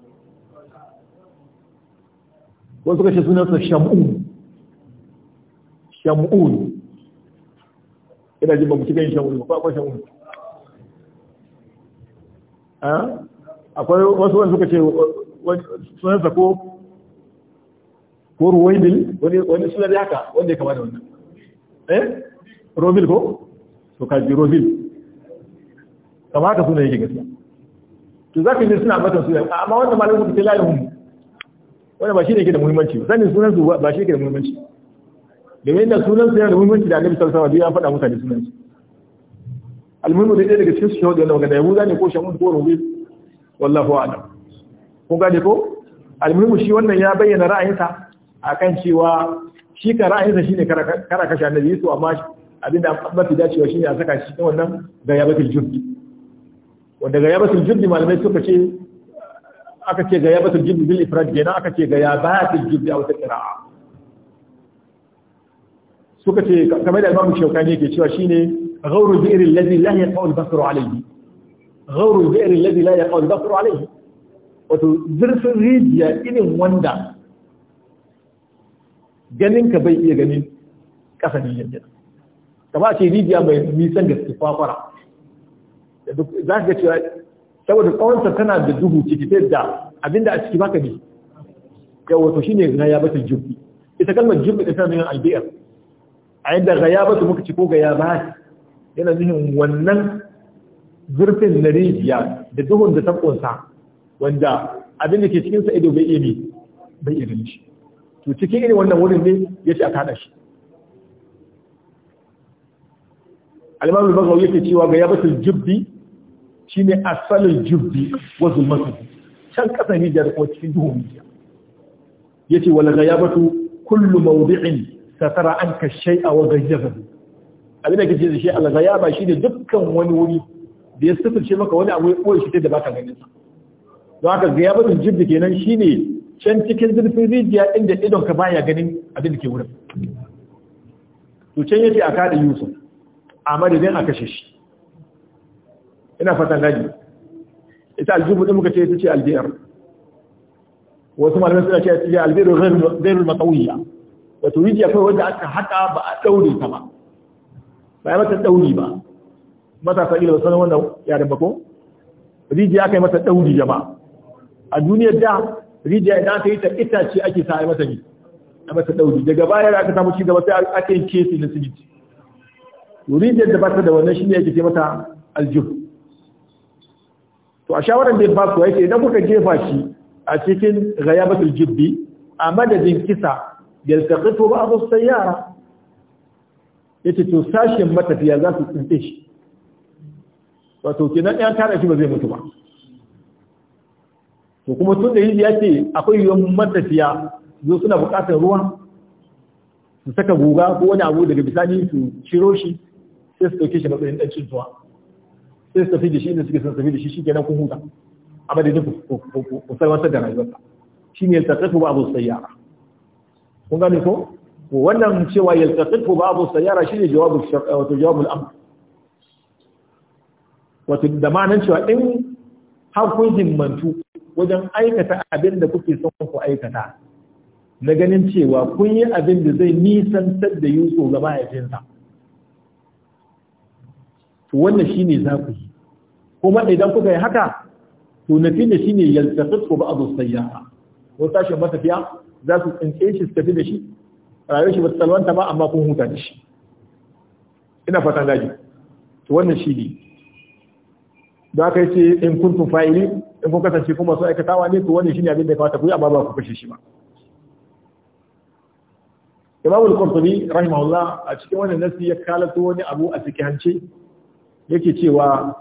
wasu suka ce sunan sa shamun shamun ina jin ba mu cika yin shamun ba akwai shamun akwai wasu wani suka ce sunansa ko ko ruwaidil wani sunan da haka wanda ya kama da wannan eh rovil ko to kaji rovil kama haka sunan yake gaskiya to za ka yi suna matan sunan amma wannan malamin suka ce layin hun wanda ba shi ne ke da muhimmanci sanin sunan ba shi ne ke da muhimmanci domin da sunan su yana da muhimmanci da annabi sallallahu alaihi wasallam ya faɗa mutane sunan su almuhimu da daga cikin su wanda wannan magana yahuda ne ko shamun ko rubi wallahu a'lam kun gane ko almuhimu shi wannan ya bayyana ra'ayinsa akan cewa shi ka ra'ayinsa shine kara kashe annabi Yusuf amma abinda mafi dacewa shine a saka shi cikin wannan gayabatul jirgi. wanda gayabatul jirgi malamai suka ce aka ce gayabatul jirgi bil ifrad kenan aka ce gayabatul jubbi a wata qira'a suka ce kamar da Imam Shawkani yake cewa shine ghawru bi'ril ladhi la yaqul basaru alayhi ghawru bi'ril ladhi la yaqul basaru alayhi wato zurfin rijiya irin wanda ganin ka bai iya ganin ƙasa ne yadda ka ba ce rijiya mai nisan gaske kwakwara za ka ga cewa saboda tsawonsa tana da duhu ciki ta yadda abinda a ciki baka ne. ya wato shine ghayabatul jirgi ita kalmar jirgi ta tana yin albiyar a yadda ghayabatu muka ci ko ghayabat yana zihin wannan zurfin na rijiya da duhun da ta ƙunsa. wanda abin da ke cikin sa ido bai iya bi bai iya gani shi to cikin irin wannan wurin ne ya ce a kada shi al-imam al-baghawi yake cewa ga yabatul jubbi shine asalul jubbi wa zulmatu can kasan hijjar ko cikin duhun ya yace wala ghayabatu kullu mawdi'in satara anka shay'a wa ghayyabahu abin da kace shi al-ghayaba shine dukkan wani wuri da ya sifirce maka wani abu ya koyi shi da baka ganin sa don haka ziyabatul jirgi kenan shine can cikin zurfin rijiya inda idon ka baya ganin abin da ke wurin to can yake a kada yusuf a madadin a kashe shi ina fatan gani ita aljibu din muka ce ita ce albiyar wasu malamai suna ce ita ce albiyar ghairul matsawiya wato rijiya kawai wanda aka haka ba a ɗaure ta ba ba ya mata ɗaure ba matasa ila wasu wannan yaren bako rijiya aka yi mata ɗaure jama'a a duniyar da rijiya idan aka yi ta itace ake sa mata ne a mata dauri daga baya da aka samu shi gaba sai aka yi kesi na siminti rijiyar da ba ta da wannan shi ne ake ce mata aljub to a shawaran da ya ba su yake idan kuka jefa shi a cikin ghayabatul jibbi a madadin kisa yaltaqitu ba'dhu sayyara yace to sashin matafiya za su tsince shi wato kenan yan tara shi ba zai mutu ba to kuma tun da ya ce akwai yiwuwar matafiya zo suna buƙatar ruwa su saka guga ko wani abu daga bisani su ciro shi sai su ɗauke shi matsayin ɗan cintuwa sai su tafi da shi inda suke son tafi da shi shi kenan kun huta amma da duk ku sarwantar da rayuwarsa shi ne yaltaƙaƙu ba abu sayyara kun gane ko wannan cewa yaltaqitu babu shi ne jawabu wato jawabu al-amr wato da ma'anar cewa in har kun himmantu wajen aikata abin da kuke son ku aikata na ganin cewa kun yi abin da zai nisantar da Yusuf ga mahaifinsa to wannan ne za ku yi kuma idan kuka yi haka to na fi da shi ne sayyaha ko tashin matafiya za su tsinke shi su tafi da shi rayuwar shi ba ta salwanta ba amma kun huta da shi ina fatan gaji to wannan shi ne Za ka yi ce in kuntum fa'ili in kun kasance kuma su aikatawa ne to wannan shine abin da ya kamata ku yi amma ba ku kashe shi ba Imam al-Qurtubi rahimahullah a cikin wannan nasi ya kalato wani abu a cikin hance yake cewa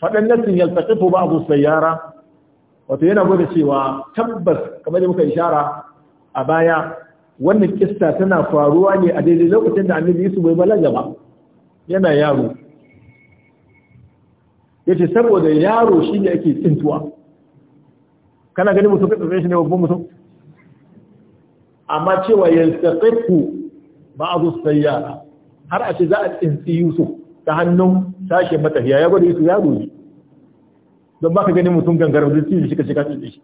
fadan nasin yaltaqifu ba'd sayyara wato yana gwada cewa tabbas kamar da muka ishara a baya wannan kista tana faruwa ne a daidai lokacin da annabi Yusuf bai balaga ba yana yaro yace saboda yaro shi ne ake tsintuwa kana gani mutum ka shi ne babban mutum amma cewa yaltaqitu ba'd sayyara har a ce za a tsinci Yusuf ta hannun sashe matafiya ya gwada Yusuf yaro ne don baka gani mutum gangar da tsiri shi ka shiga tsiri shi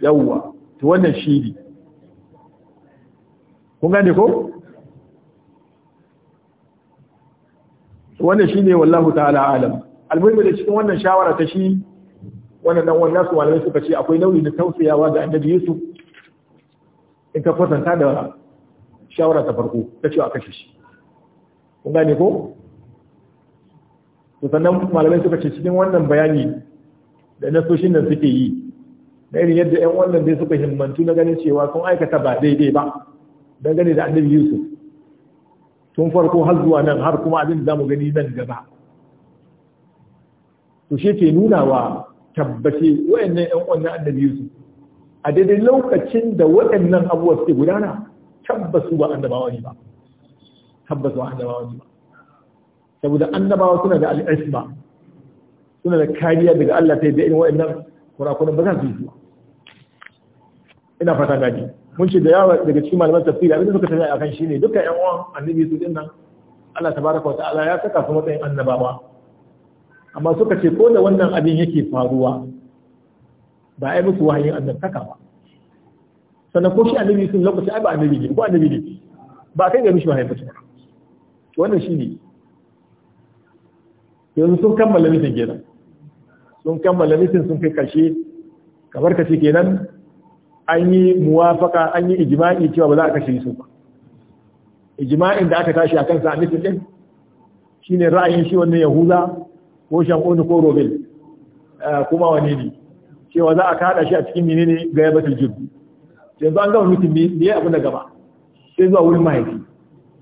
yawwa to wannan shi ne kun gane ko wannan shi ne wallahu ta'ala alam almuhimmi da cikin wannan shawara ta shi wannan dan wannan su malamai suka ce akwai nauyi da tausayawa ga annabi Yusuf in ka kwatanta da shawara ta farko ta cewa kashe shi kun gane ko to sannan malamai suka ce cikin wannan bayani da nasoshin nan suke yi na irin yadda 'yan wannan dai suka himmantu na ganin cewa sun aikata ba daidai ba dangane da annabi Yusuf tun farko har zuwa nan har kuma abin da zamu gani nan gaba to shi ke nuna wa tabbace wayannan ƴan wannan annabi su a daidai lokacin da waɗannan abubuwa suke gudana tabbasu ba annabawa ne ba tabbasu ba annabawa ne ba saboda annabawa suna da al'isma suna da kariya daga Allah ta yi da irin waɗannan kurakunan ba za su yi su. ina fata gadi mun ce da yawa daga cikin malaman tafsiri abin da suka tafi akan ne, dukkan yan uwan annabi su din nan Allah tabaraka wa ta'ala ya saka su matsayin annabawa amma suka ce ko da wannan abin yake faruwa ba ai musu wahayin annabtaka ba sannan ko shi annabi sun lokaci ai ba annabi ne ko annabi ne ba kai ga mishi wahayin ba wannan shi ne yanzu sun kammala mitin kenan sun kammala mitin sun kai kashe kamar kashe kenan an yi muwafaka an yi ijima'i cewa ba za a kashe su ba ijima'in da aka tashi a kansa a mitin din shine ra'ayin shi wannan yahuda ko shankonu ko robin eh, kuma wani ne cewa za a kada shi a cikin ne ga batul jirgi yanzu an gama mutum ne ya abu na gaba sai zuwa wurin mahaifi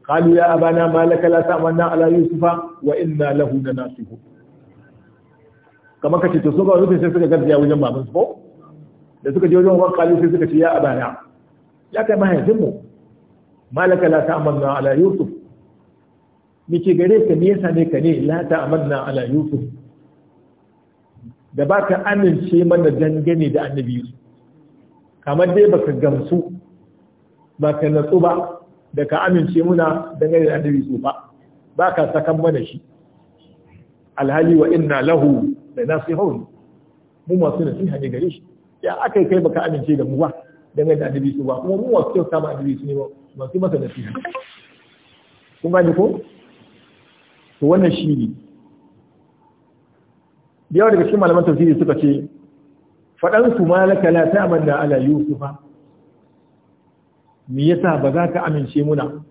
kalu ya abana malaka la ta'manna ala yusufa wa inna lahu nasihu kamar kace to suka rufin sai suka garzaya wajen baban su ko da suka je wajen kalu sai suka ce ya abana ya kai mahaifin mu malaka la ta'manna ala yusuf me ke gare ka ne yasa ne ka ne la ta amanna ala yusuf da ba ka amince mana dangane da annabi yusuf kamar dai baka gamsu baka natsu ba da ka amince muna dangane da annabi yusuf ba ba ka sakan mana shi alhali wa inna lahu da nasihun mu masu nasiha ne gare shi ya aka kai baka amince da mu ba dangane da annabi yusuf ba kuma mu masu kyauta ma annabi yusuf ne ba masu masa nasiha kun ne ko to wannan shi ne da yawa daga cikin malaman tafsiri suka ce faɗansu ma laka la ta'amanna ala yusufa me yasa ba za ka amince muna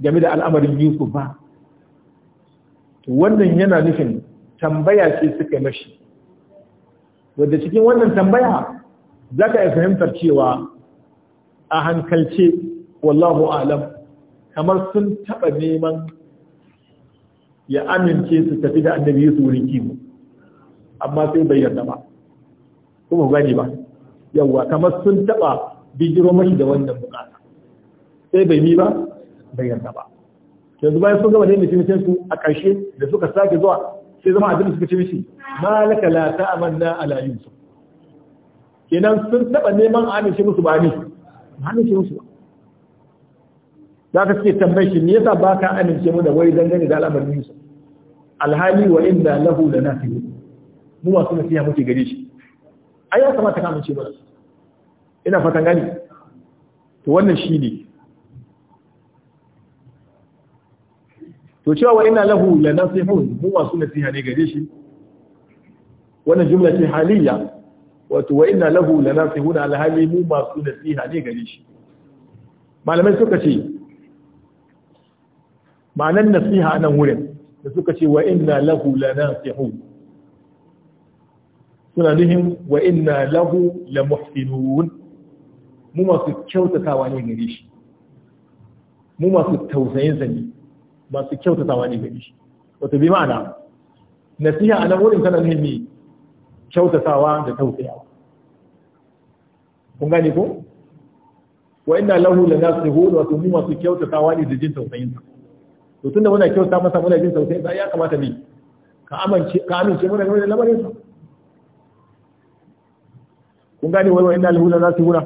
game da al'amarin yusuf ba wannan yana nufin tambaya ce suka mashi wadda cikin wannan tambaya za ka iya fahimtar cewa a hankalce wallahu alam kamar sun taɓa neman ya amince su tafi da annabi su wurin kiwo amma sai bai yarda ba kuma gani ba yawa kamar sun taba bijiro mai da wannan bukata sai bai mi ba bai yarda ba yanzu bayan sun gama da mutum su a ƙarshe da suka sake zuwa sai zama abin da suka ce mishi malaka la amanna ala yusuf kenan sun taba neman amince musu ba ne amince musu ba za ka suke tambayi shi me yasa ba ka amince mu da wai dangane da al'amarin Yusuf alhali wa inda lahu na nafihu mu masu nasiha muke gare shi ai ya kamata ka amince mana ina fatan gani to wannan shi ne to cewa wa inda lahu na nafihu mu masu nasiha ne gare shi wannan jumla ce haliyya wato wa inda lahu la nasihuna alhali mu masu nasiha ne gare shi malamai suka ce ma'anar nasiha a nan wurin da suka ce wa inna lahu lanasihu suna nuhin wa inna lahu la muhsinun mu masu kyautatawa ne gare shi mu masu tausayin sani masu kyautatawa ne gare shi wato bi ma'ana nasiha a nan wurin tana nuhin ne kyautatawa da tausayawa kun gane ko wa inna lahu lanasihu wato mu masu kyautatawa ne da jin tausayin sani to tunda muna kyauta masa muna jin sautai sai ya kamata bi ka amince ka amince muna game da lamarin sa kun gane wai wai dalilin da za su gura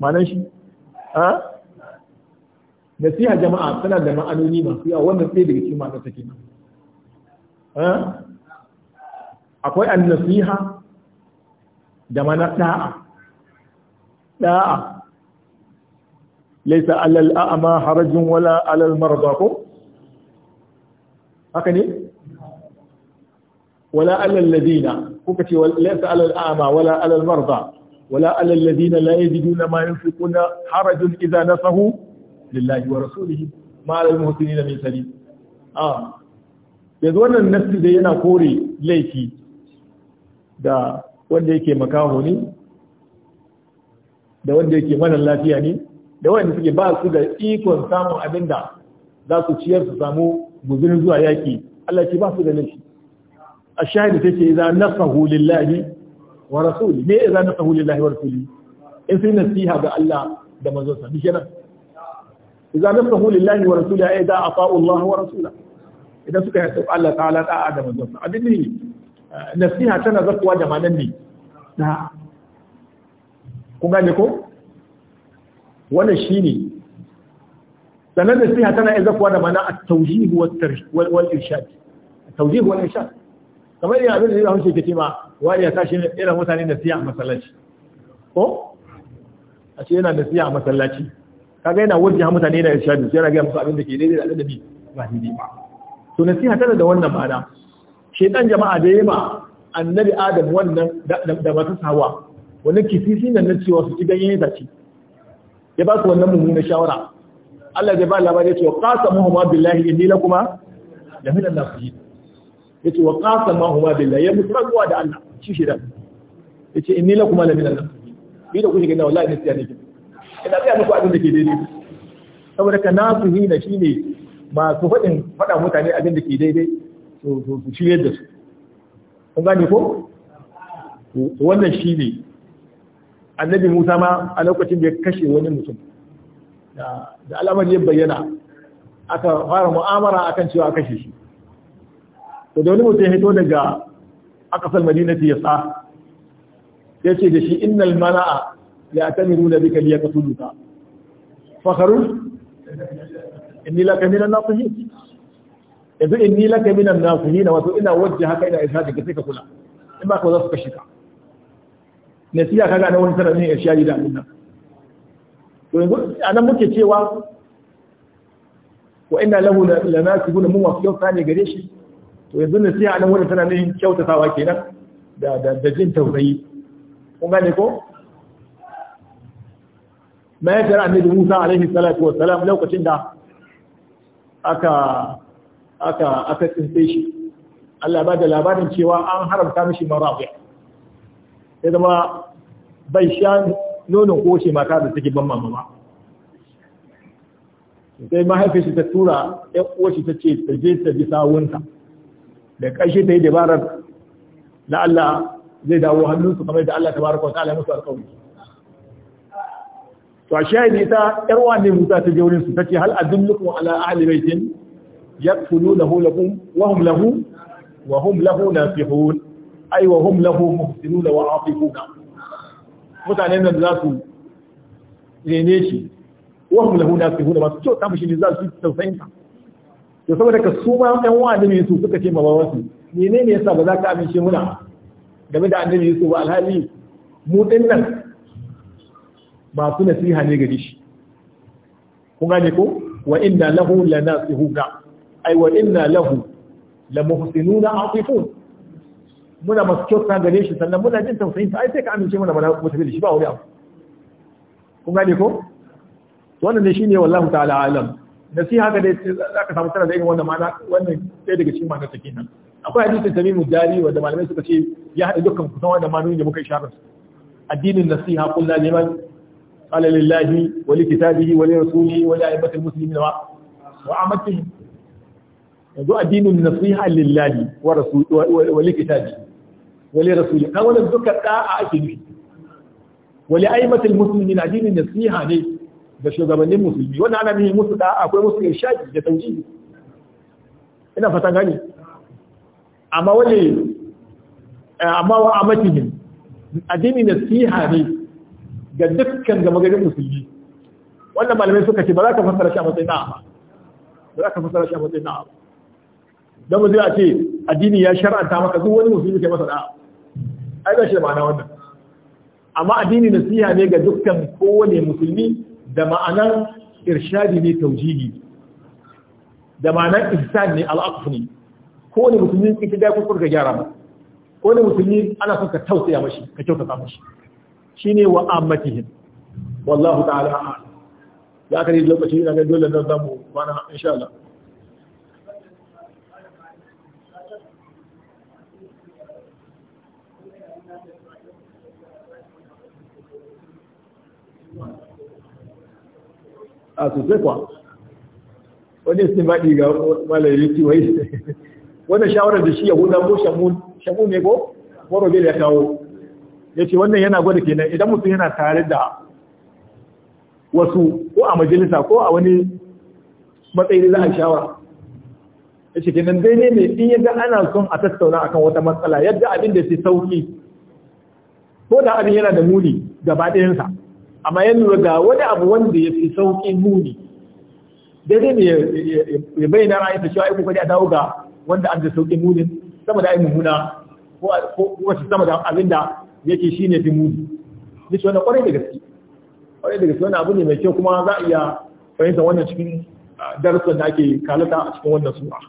malan shi a nasiha jama'a tana da ma'anoni masu yawa wannan sai daga cikin ma'anar take nan akwai an-nasiha da mana da'a da'a laysa alal a'ma harajun wala alal marda ko haka ne wala alal ladina kuka ce laysa alal a'ma wala alal marda wala alal ladina la yajiduna ma yunfiquna harajun idza nasahu lillahi wa rasulihi ma alal muhsinina min sabil ah yanzu wannan nafsi da yana kore laifi da wanda yake makaho ne da wanda yake mana lafiya ne da wanda suke ba su da ikon samun abinda za su ciyar su samu guzurin zuwa yaƙi Allah ce ba su da laifi a shahidi ta ce idan nasahu lillahi wa rasuli me idan nasahu lillahi wa rasuli in sai nasiha ga Allah da manzon sa bishiran idan nasahu lillahi wa rasuli ai da afa'u Allah wa rasula idan suka yi Allah ta ta'ala da'a da manzon sa abin ne nasiha tana zakuwa da manan ne da kun gane ko wannan ne. sannan nasiha tana iya zakuwa da mana a taujihu wal irshad taujihu wal irshad kamar yana da zai haushe ke cewa wani ya tashi irin mutane nasiha a masallaci ko a ce yana da siya a masallaci kaga yana wajen mutane da irshadu sai yana gaya musu abin da ke daidai da aladabi ba daidai ba to nasiha tana da wannan ma'ana shedan jama'a da yema annabi adam wannan da masu sawa wani kisisi nan na cewa su ci ganyen itace ya ba su wannan mummunan shawara Allah zai ba labari ce wa qasamuhuma billahi kuma da minan min an ya ce wa qasamuhuma billahi ya musagwa da Allah shi shi da Ya ce "In lakuma kuma min na nasihin bi da kuke gina wallahi ne tsaya ne ina ga muku abin da ke daidai saboda ka shi ne masu faɗin faɗa mutane abin da ke daidai su shirye da su kun gane ko wannan shi ne. annabi Musa ma a lokacin da ya kashe wani mutum da al'amari ya bayyana aka fara mu'amara akan cewa kashe shi to da wani mutum ya hito daga akasal madinati ya sa ya ce da shi innal mana'a ya tamiru da bika liya katuluka fakaru inni laka minan nasihi yanzu inni laka minan nasihi na wato ina wajen haka ina isa daga sai ka kula in ba ka za su kashe ka nasiya kaga na wani sanadin irshadi da abin nan ana muke cewa wa inna lahu lanasibuna mu wa kyauta ne gare shi to yanzu ne sai anan wannan tana nan kyautatawa kenan da da da jin tausayi kun gane ko ma ya annabi Musa alaihi salatu wa salam lokacin da aka aka aka tsinte shi Allah ba da labarin cewa an haramta mishi marabi sai zama bai sha nonon ko ce mata da take ban mamama sai mahaifiyar shi ta tura ɗan uwashi ta ce ta je ta bi sawunta da ƙarshe ta yi dabarar na Allah zai dawo hannunsu kamar da Allah ta baraka wa ala musu alƙawar to a ne ta yar ne Musa ta je wurin su ce hal adullukum ala ahli baitin yakfulunahu ya wa hum lahu wa hum lahu nasihun ay wa hum lahu da wa atifuna mutanen nan za su rene shi wa hum lahu nasihun ba su ce ta shi ne za su tausayin ka to saboda ka su ma ɗan wa annabi Yusuf suka ce ma babansu menene yasa ba za ka amince muna game da annabi Yusuf ba alhali mu din nan masu nasiha ne gari shi kun gane ko wa inna lahu lanasihuna ai wa inna lahu lamuhsinuna atifun muna masu kyauta gare shi sannan muna jin tausayin sa ai sai ka amince mana ba mu tafi da shi ba wani abu kun gane ko wannan ne shine wallahu ta'ala alam nasiha ga dai zaka samu tana da irin wannan ma'ana wannan sai daga cikin ma'anar take nan akwai hadisin tamimu jari wanda malamai suka ce ya haɗa dukkan kusan wannan ma'anoni da muka isharar addinin nasiha kullu liman qala lillahi wa li kitabihi wa li rasulihi wa li a'immatil muslimin wa wa'amatihim yanzu addinin nasiha lillahi wa rasuli wa li kitabihi wali rasuli ka wani duka da'a ake nufi wali aimatul muslimin addinin nasiha ne ga shugabannin musulmi wani ana nufin musu da'a akwai musu irshadi da tauhidi ina fatan gani amma wali amma wa amatihim addinin nasiha ne ga dukkan gama garin musulmi wannan malamai suka ce ba za ka fassara shi a matsayin da'a ba za ka fassara shi a matsayin da'a ba don mu zai a ce addini ya shar'anta maka duk wani musulmi ke masa da'a ai ba shi da ma'ana wannan amma addini nasiha ne ga dukkan kowane musulmi da ma'anar irshadi ne taujihi da ma'anar ihsan ne al'aqf ne kowane musulmi in ka dai kuka gyara ba kowane musulmi ana son ka tausaya mashi ka kyautata mashi shine wa ammatihim wallahu ta'ala a'lam ya kare lokaci ina ga dole nan zamu bana insha Allah a sosai kuwa wani sun baɗi ga malayi ci wai wannan shawarar da shi ya yahuda ko shamu ne ko warobel ya kawo ya ce wannan yana gwada kenan idan mutum yana tare da wasu ko a majalisa ko a wani matsayi za a shawara ya ce kenan dai ne in yadda ana son a tattauna akan wata matsala yadda abin da ke sauki ko da abin yana da muni gaba ɗayansa amma ya ga wani abu wanda ya fi sauƙi muni daidai ne ya bayyana ra'ayinsa cewa ikon kokari a dawo ga wanda an da sauƙi munin sama da ainihin muna ko wasu sama da abin da yake shi ne fi muni da shi wannan kwarai da gaske kwarai da gaske wani abu ne mai kyau kuma za a iya fahimtar wannan cikin darussan da ake kalata a cikin wannan su'a.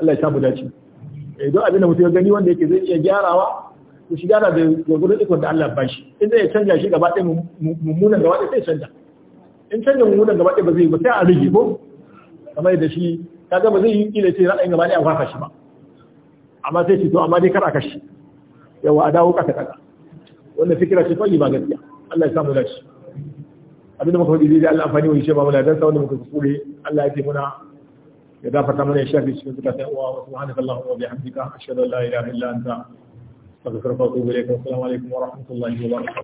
Allah ya samu dace idan eh, abin da mutum ya gani wanda yake zai iya gyarawa Ku shiga gyara zai gwargwadon ikon da Allah ba shi in zai canja shi gaba ɗaya mummunan gaba ɗaya sai canja in canja mummunan gaba ɗaya ba zai ba sai a rage ko kamar da shi ta gaba zai yi kila ce ra'ayin gaba ɗaya a kwafa shi ba amma sai ce to amma dai kar a kashi yawa a dawo kaka kaka wanda fikira ce tsayi ba gaskiya Allah ya samu dace abin da muka faɗi dai Allah amfani wani shema mula dan sa wanda muka kuskure Allah ya ce muna ya gafarta mana ya shafi cikin zakatan uwa wa subhanakallahumma wa bihamdika ashhadu an la ilaha illa anta السلام والسلام عليكم ورحمه الله وبركاته